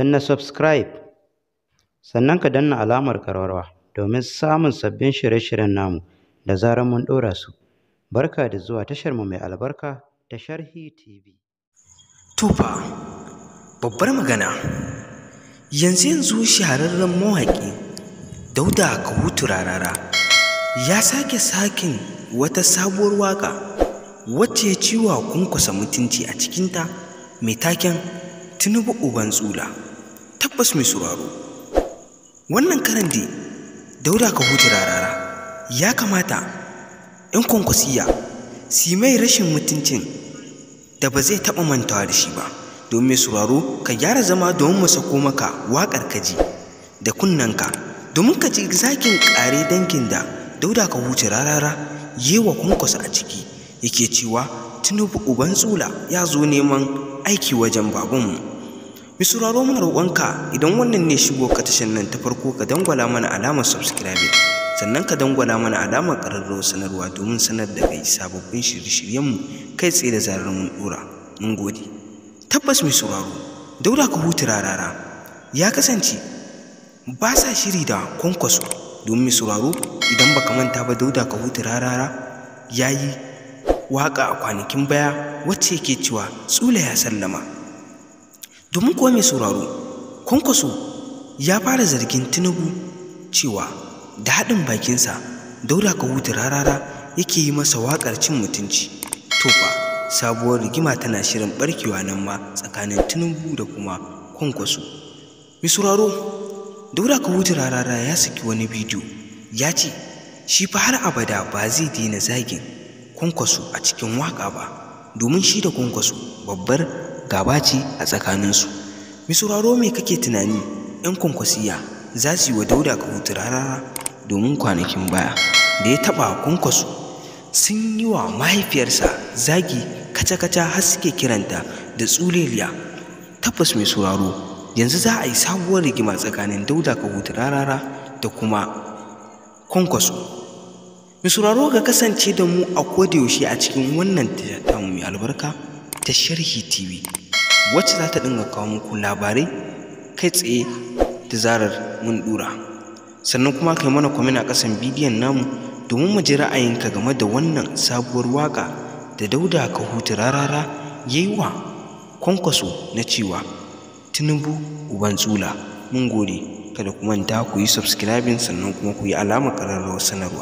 na subscribe sannan ka danna alamar karwarwa domin samun sabbin shirye-shiryen namu da zarar mun ɗora su barka da zuwa tashar mu mai albarka ta sharhi tv tufa babbar magana yanzu yanzu shahararren mawaƙi dauda kahutu rarara ya sake sakin wata sabuwar waƙa wacce ya ciwa kunkusa mutunci a cikinta mai taken tinubu uban tsula tabbas mai sauraro wannan karan da dauda ka huta rarara ya kamata 'yan kwankwasiya su mai rashin mutuncin da ba zai taɓa mantawa da shi ba don mai sauraro ka gyara zama domin mu sako maka waƙar kaji da kunnanka domin ka ji zakin ƙare dangin da dauda ka huce rarara yi wa kwankwasa a ciki yake cewa tinubu uban tsula ya zo neman aiki wajen babanmu mai sauraro roƙonka idan wannan ne shigo ka tashar nan ta farko ka dangwala mana alamar subscribe sannan ka dangwala mana alamar ƙararrawar sanarwa domin sanar da kai sababbin shirye-shiryenmu kai tsaye da zarar mun ɗora mun gode tabbas mai sauraro daura ka hutu rarara ya kasance ba sa shiri da kwankwaso domin mai sauraro idan baka manta ba dauda ka hutu rarara ya yi waƙa a kwanakin baya wacce ke cewa tsula ya sallama domin kuwa mai sauraro kwankwaso ya fara zargin tinubu cewa da haɗin bakinsa dauda ka rarara yake yi masa waƙar cin mutunci to sabuwar rigima tana shirin barkewa nan ma tsakanin tinubu da kuma kwankwaso mai sauraro dauda ka rarara ya saki wani bidiyo ya ce shi fa har abada ba zai daina zagin kwankwaso a cikin waƙa ba domin shi da kwankwaso babbar gaba ce a tsakaninsu misuraro me kake tunani 'yan kwankwasiya za su yi wa dauda ka hutu rarara domin kwanakin baya da ya taɓa kwankwasu sun yi wa mahaifiyarsa zagi kaca-kaca har suke kiranta da tsuleliya tabbas mai sauraro yanzu za a yi sabuwar rigima tsakanin dauda ka hutu rarara da kuma kwankwasu. misuraro sauraro ga kasance da mu a kodayaushe a cikin wannan tamu albarka ta sharhi tv wacce za ta dinga kawo muku labarai kai tsaye da zarar mun dura sannan kuma kai mana kwamin a ƙasan bidiyon namu domin mu ji ra'ayinka game da wannan sabuwar waƙa da dauda ka hutu rarara ya yi wa kwankwaso na cewa tinubu uban tsula mun gode kada ku manta ku yi subscribing sannan kuma ku yi alamar ƙararrawar sanarwa